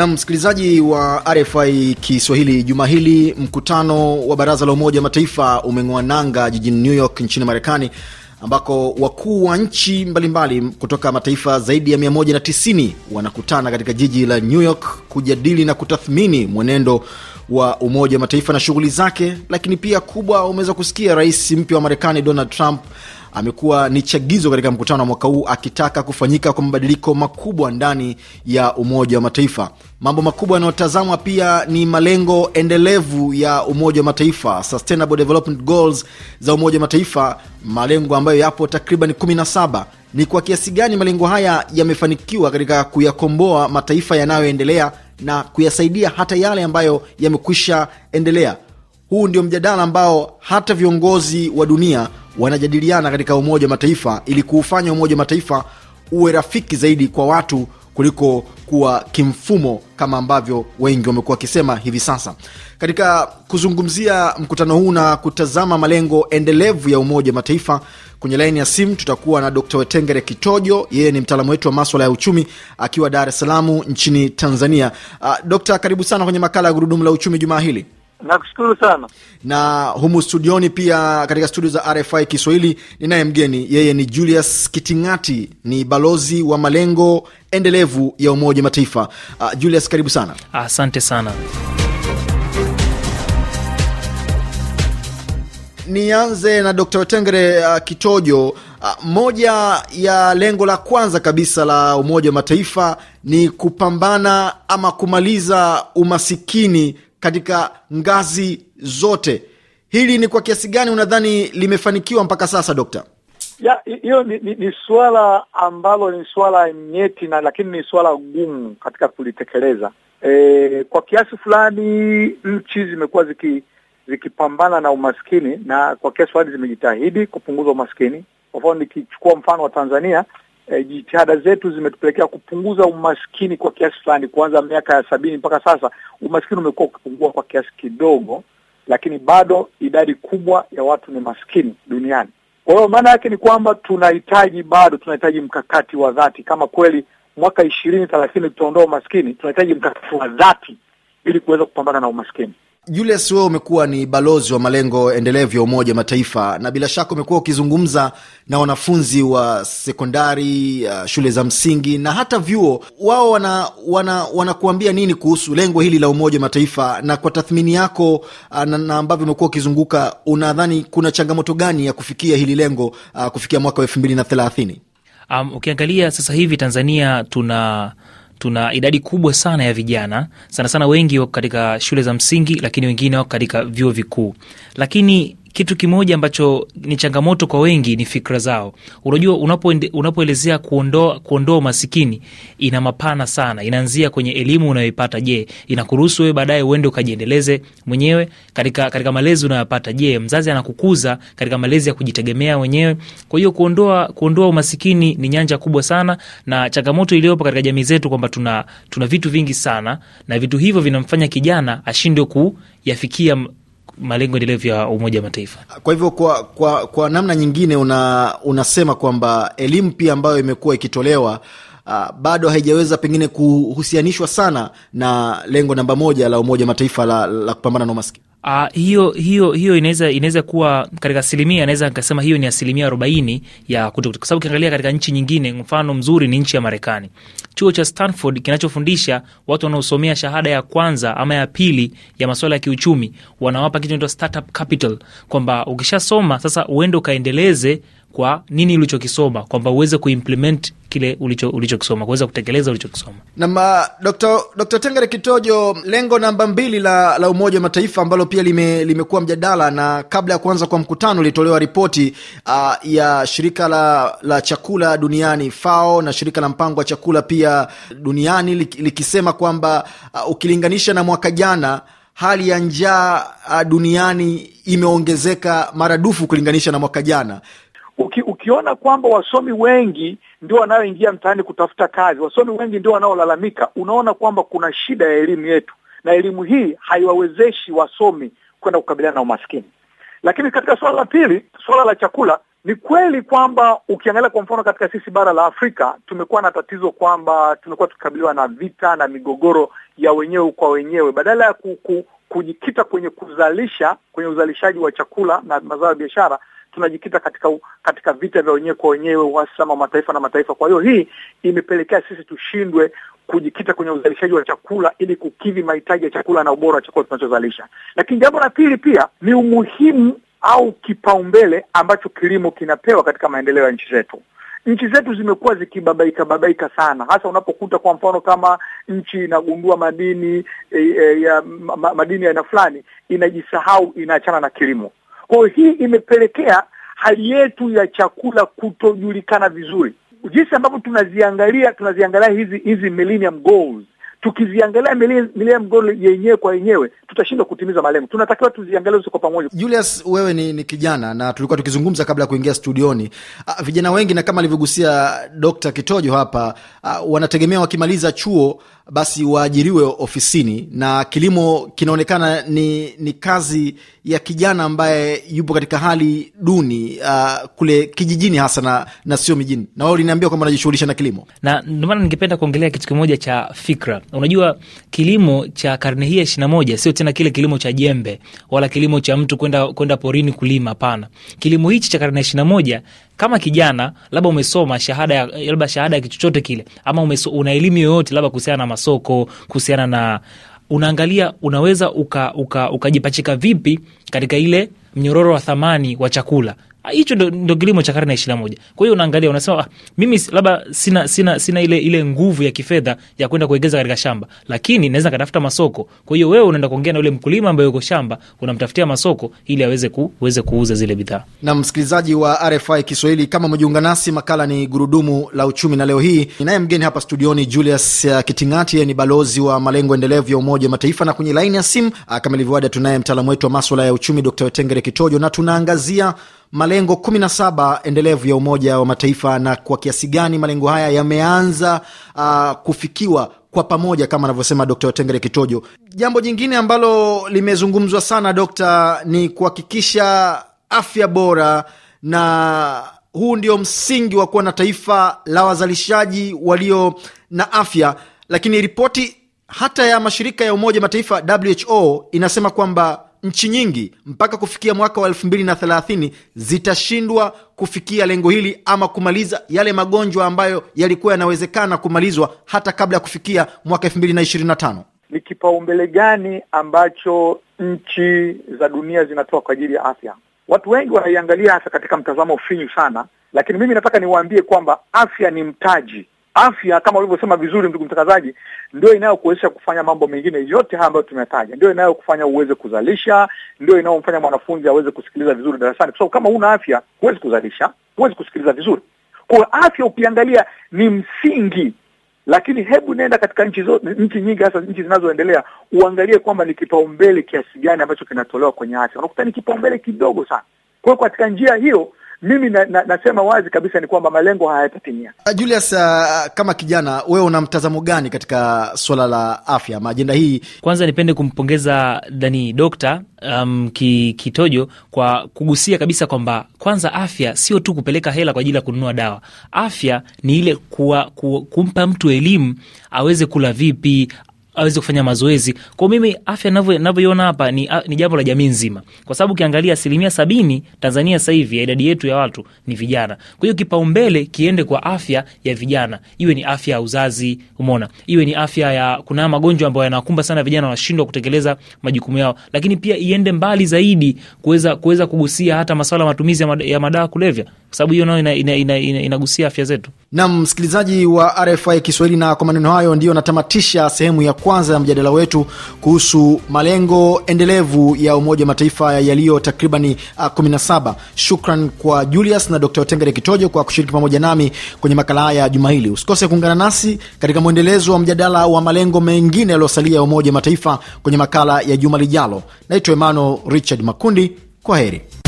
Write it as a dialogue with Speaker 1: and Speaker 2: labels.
Speaker 1: Na msikilizaji wa RFI Kiswahili, juma hili mkutano wa baraza la Umoja wa Mataifa umeng'oa nanga jijini New York nchini Marekani, ambako wakuu wa nchi mbalimbali mbali kutoka mataifa zaidi ya 190 wanakutana katika jiji la New York kujadili na kutathmini mwenendo wa Umoja wa Mataifa na shughuli zake. Lakini pia kubwa, umeweza kusikia rais mpya wa Marekani Donald Trump amekuwa ni chagizo katika mkutano wa mwaka huu akitaka kufanyika kwa mabadiliko makubwa ndani ya Umoja wa Mataifa. Mambo makubwa yanayotazamwa pia ni malengo endelevu ya Umoja wa Mataifa, Sustainable Development Goals za Umoja wa Mataifa, malengo ambayo yapo takriban 17. Ni kwa kiasi gani malengo haya yamefanikiwa katika kuyakomboa mataifa yanayoendelea na kuyasaidia hata yale ambayo yamekwisha endelea? Huu ndio mjadala ambao hata viongozi wa dunia wanajadiliana katika Umoja wa Mataifa ili kuufanya Umoja wa Mataifa uwe rafiki zaidi kwa watu kuliko kuwa kimfumo kama ambavyo wengi wamekuwa wakisema hivi sasa. Katika kuzungumzia mkutano huu na kutazama malengo endelevu ya Umoja wa Mataifa, kwenye laini ya simu tutakuwa na Dr Wetengere Kitojo, yeye ni mtaalamu wetu wa maswala ya uchumi akiwa Dar es Salaam nchini Tanzania. Uh, Dokta, karibu sana kwenye makala ya Gurudumu la Uchumi jumaa hili.
Speaker 2: Nakushukuru sana.
Speaker 1: Na humu studioni pia, katika studio za RFI Kiswahili, ninaye mgeni, yeye ni Julius Kitingati, ni balozi wa malengo endelevu ya Umoja Mataifa. Uh, Julius, karibu sana.
Speaker 3: Asante sana. Nianze na Dr.
Speaker 1: Wetengere uh, Kitojo. Uh, moja ya lengo la kwanza kabisa la Umoja wa Mataifa ni kupambana ama kumaliza umasikini katika ngazi zote. Hili ni kwa kiasi gani unadhani limefanikiwa mpaka sasa, Dokta?
Speaker 2: Hiyo ni, ni, ni suala ambalo ni suala nyeti na lakini ni suala gumu katika kulitekeleza. E, kwa kiasi fulani nchi zimekuwa ziki zikipambana na umaskini na kwa kiasi fulani zimejitahidi kupunguza umaskini. Kwa mfano nikichukua mfano wa Tanzania e, jitihada zetu zimetupelekea kupunguza umaskini kwa kiasi fulani. Kuanza miaka ya sabini mpaka sasa umaskini umekuwa ukipungua kwa kiasi kidogo, lakini bado idadi kubwa ya watu ni maskini duniani. Kwa hiyo maana yake ni kwamba tunahitaji bado tunahitaji mkakati wa dhati. Kama kweli mwaka ishirini thelathini tutaondoa umaskini, tunahitaji mkakati wa dhati ili kuweza kupambana na umaskini.
Speaker 1: Julius, wewe umekuwa ni balozi wa malengo endelevu ya Umoja Mataifa, na bila shaka umekuwa ukizungumza na wanafunzi wa sekondari, uh, shule za msingi na hata vyuo. Wao wanakuambia wana, wana nini kuhusu lengo hili la Umoja Mataifa? Na kwa tathmini yako uh, na, na ambavyo umekuwa ukizunguka, unadhani kuna changamoto gani ya kufikia hili lengo uh, kufikia mwaka wa elfu mbili na thelathini?
Speaker 3: Um, ukiangalia sasa hivi Tanzania tuna tuna idadi kubwa sana ya vijana, sana sana wengi wako katika shule za msingi, lakini wengine wako katika vyuo vikuu, lakini kitu kimoja ambacho ni changamoto kwa wengi ni fikra zao. Unajua, unapoelezea kuondoa kuondoa umasikini ina mapana sana, inaanzia kwenye elimu unayoipata. Je, inakuruhusu wewe baadaye uende ukajiendeleze mwenyewe katika, katika malezi unayoyapata? Je, mzazi anakukuza katika malezi ya kujitegemea wenyewe? Kwa hiyo kuondoa kuondoa umasikini ni nyanja kubwa sana, na changamoto iliyopo katika jamii zetu kwamba tuna, tuna vitu vingi sana na vitu hivyo vinamfanya kijana ashindwe kuyafikia malengo endelevu ya Umoja wa Mataifa.
Speaker 1: Kwa hivyo kwa, kwa, kwa namna nyingine una, unasema kwamba elimu pia ambayo imekuwa ikitolewa Uh, bado haijaweza pengine kuhusianishwa sana na lengo namba moja la Umoja wa Mataifa la, la kupambana na umaskini.
Speaker 3: Uh, hiyo hiyo hiyo inaweza inaweza kuwa katika asilimia, naweza nikasema hiyo ni asilimia arobaini ya kuto, kwa sababu ukiangalia katika nchi nyingine, mfano mzuri ni nchi ya Marekani, chuo cha Stanford kinachofundisha watu wanaosomea shahada ya kwanza ama ya pili ya masuala ya kiuchumi, wanawapa kitu kinaitwa startup capital, kwamba ukishasoma sasa uende ukaendeleze kwa nini ulichokisoma, kwamba uweze kuimplement kile ulichokisoma ulicho kuweza kutekeleza ulichokisoma.
Speaker 1: Nam Dr. Tengere Kitojo, lengo namba mbili la, la Umoja wa Mataifa ambalo pia lime, limekuwa mjadala na kabla ya kuanza kwa mkutano ilitolewa ripoti uh, ya shirika la, la chakula duniani FAO na shirika la mpango wa chakula pia duniani likisema kwamba uh, ukilinganisha na mwaka jana hali ya njaa ah, duniani imeongezeka maradufu ukilinganisha na mwaka jana.
Speaker 2: Uki, ukiona kwamba wasomi wengi ndio wanayoingia mtaani kutafuta kazi, wasomi wengi ndio wanaolalamika. Unaona kwamba kuna shida ya elimu yetu, na elimu hii haiwawezeshi wasomi kwenda kukabiliana na umaskini. Lakini katika suala la pili, suala la chakula, ni kweli kwamba ukiangalia kwa mfano katika sisi bara la Afrika tumekuwa na tatizo kwamba tumekuwa tukikabiliwa na vita na migogoro ya wenyewe kwa wenyewe, badala ya kujikita kwenye kuzalisha kwenye uzalishaji wa chakula na mazao ya biashara tunajikita katika katika vita vya wenyewe kwa wenyewe, uhasama wa mataifa na mataifa. Kwa hiyo hii imepelekea sisi tushindwe kujikita kwenye uzalishaji wa chakula ili kukidhi mahitaji ya chakula na ubora wa chakula tunachozalisha. Lakini jambo la pili pia ni umuhimu au kipaumbele ambacho kilimo kinapewa katika maendeleo ya nchi zetu. Nchi zetu zimekuwa zikibabaika babaika sana, hasa unapokuta kwa mfano kama nchi inagundua madini e, e, ya ma, madini ya aina fulani, inajisahau, inaachana na kilimo. Kwa hii imepelekea hali yetu ya chakula kutojulikana vizuri, jinsi ambavyo tunaziangalia tunaziangalia hizi hizi millennium goals tukiziangalia ya Goal yenyewe kwa yenyewe tutashindwa kutimiza malengo. Tunatakiwa tuziangalie zote kwa pamoja. Julius,
Speaker 1: wewe ni, ni kijana na tulikuwa tukizungumza kabla ya kuingia studioni. A, ah, vijana wengi na kama alivyogusia Dr. Kitojo hapa a, ah, wanategemea wakimaliza chuo basi waajiriwe ofisini na kilimo kinaonekana ni, ni kazi ya kijana ambaye yupo katika hali duni
Speaker 3: uh, kule kijijini hasa na, na sio mijini, na wao liniambia kwamba anajishughulisha na kilimo, na ndio maana ningependa kuongelea kitu kimoja cha fikra. Unajua, kilimo cha karne hii ya ishirini na moja sio tena kile kilimo cha jembe wala kilimo cha mtu kwenda kwenda porini kulima. Hapana, kilimo hichi cha karne ya ishirini na moja kama kijana labda umesoma shahada ya labda shahada ya kichochote kile, ama umeso, una elimu yoyote labda kuhusiana na masoko, kuhusiana na unaangalia unaweza ukajipachika uka, uka vipi katika ile mnyororo wa thamani wa chakula hicho ndo, ndo kilimo cha karne ya ishirini na moja. Kwa hiyo unaangalia unasema, ah, mimi labda sina, sina, sina ile, ile nguvu ya kifedha ya kwenda kuegeza katika shamba, lakini naweza katafuta masoko. Kwa hiyo wewe unaenda kuongea na yule mkulima ambaye uko shamba, unamtafutia masoko ili aweze ku, weze kuuza zile bidhaa. Na msikilizaji
Speaker 1: wa RFI Kiswahili, kama umejiunga nasi, makala ni gurudumu la uchumi, na leo hii ninaye mgeni hapa studioni Julius eh, Kitingati, ni balozi wa malengo endelevu ya Umoja wa Mataifa, na kwenye laini ya simu ah, kama ilivyoada, tunaye mtaalamu wetu wa maswala ya uchumi Dr. Tengere Kitojo, na tunaangazia malengo 17 endelevu ya Umoja wa Mataifa na kwa kiasi gani malengo haya yameanza uh, kufikiwa kwa pamoja kama anavyosema Dkt. Watengere Kitojo. Jambo jingine ambalo limezungumzwa sana dokta, ni kuhakikisha afya bora, na huu ndio msingi wa kuwa na taifa la wazalishaji walio na afya, lakini ripoti hata ya mashirika ya Umoja Mataifa WHO inasema kwamba nchi nyingi mpaka kufikia mwaka wa 2030 zitashindwa kufikia lengo hili ama kumaliza yale magonjwa ambayo yalikuwa yanawezekana kumalizwa hata kabla ya kufikia mwaka 2025.
Speaker 2: Ni kipaumbele gani ambacho nchi za dunia zinatoa kwa ajili ya afya? Watu wengi wanaiangalia hasa katika mtazamo finyu sana, lakini mimi nataka niwaambie kwamba afya ni mtaji afya kama ulivyosema vizuri ndugu mtangazaji, ndio inayokuwezesha kufanya mambo mengine yote haya ambayo tumetaja, ndio inayokufanya uweze kuzalisha, ndio inayomfanya mwanafunzi aweze kusikiliza vizuri darasani, kwa sababu kama huna afya huwezi kuzalisha, huwezi kusikiliza vizuri. Kwa afya ukiangalia ni msingi, lakini hebu nenda katika nchi zo, nchi nyingi, hasa nchi zinazoendelea, uangalie kwamba ni kipaumbele kiasi gani ambacho kinatolewa kwenye afya, unakuta ni kipaumbele kidogo sana. Kwa hiyo katika njia hiyo mimi na, na, nasema wazi kabisa ni kwamba malengo hayatatimia.
Speaker 1: Ah, Julius, uh, kama kijana wewe una mtazamo gani katika swala la afya maajenda hii?
Speaker 3: Kwanza nipende kumpongeza dani dokta um, ki, Kitojo kwa kugusia kabisa kwamba kwanza afya sio tu kupeleka hela kwa ajili ya kununua dawa. Afya ni ile kuwa, ku, kumpa mtu elimu aweze kula vipi, aweze kufanya mazoezi. Kwa mimi afya navyoiona hapa ni, ni jambo la jamii nzima, kwa sababu ukiangalia asilimia sabini Tanzania sahivi ya idadi yetu ya watu ni vijana. Kwa hiyo kipaumbele kiende kwa afya ya vijana, iwe ni afya ya uzazi, umona iwe ni afya ya, kuna magonjwa ambayo yanawakumba sana vijana, wanashindwa kutekeleza majukumu yao, lakini pia iende mbali zaidi kuweza kugusia hata maswala matumizi ya madawa kulevya kwa sababu hiyo nayo inagusia ina, ina, ina, ina afya zetu. Nam msikilizaji wa RFI
Speaker 1: Kiswahili, na kwa maneno hayo ndiyo natamatisha sehemu ya kwanza ya mjadala wetu kuhusu malengo endelevu ya Umoja wa Mataifa yaliyo takribani 17. Uh, Shukran kwa Julius na Dr Otengere Kitojo kwa kushiriki pamoja nami kwenye makala haya juma hili. Usikose kuungana nasi katika mwendelezo wa mjadala wa malengo mengine yaliyosalia ya Umoja wa Mataifa kwenye makala ya juma lijalo. Naitwa Emmanuel Richard Makundi, kwa heri.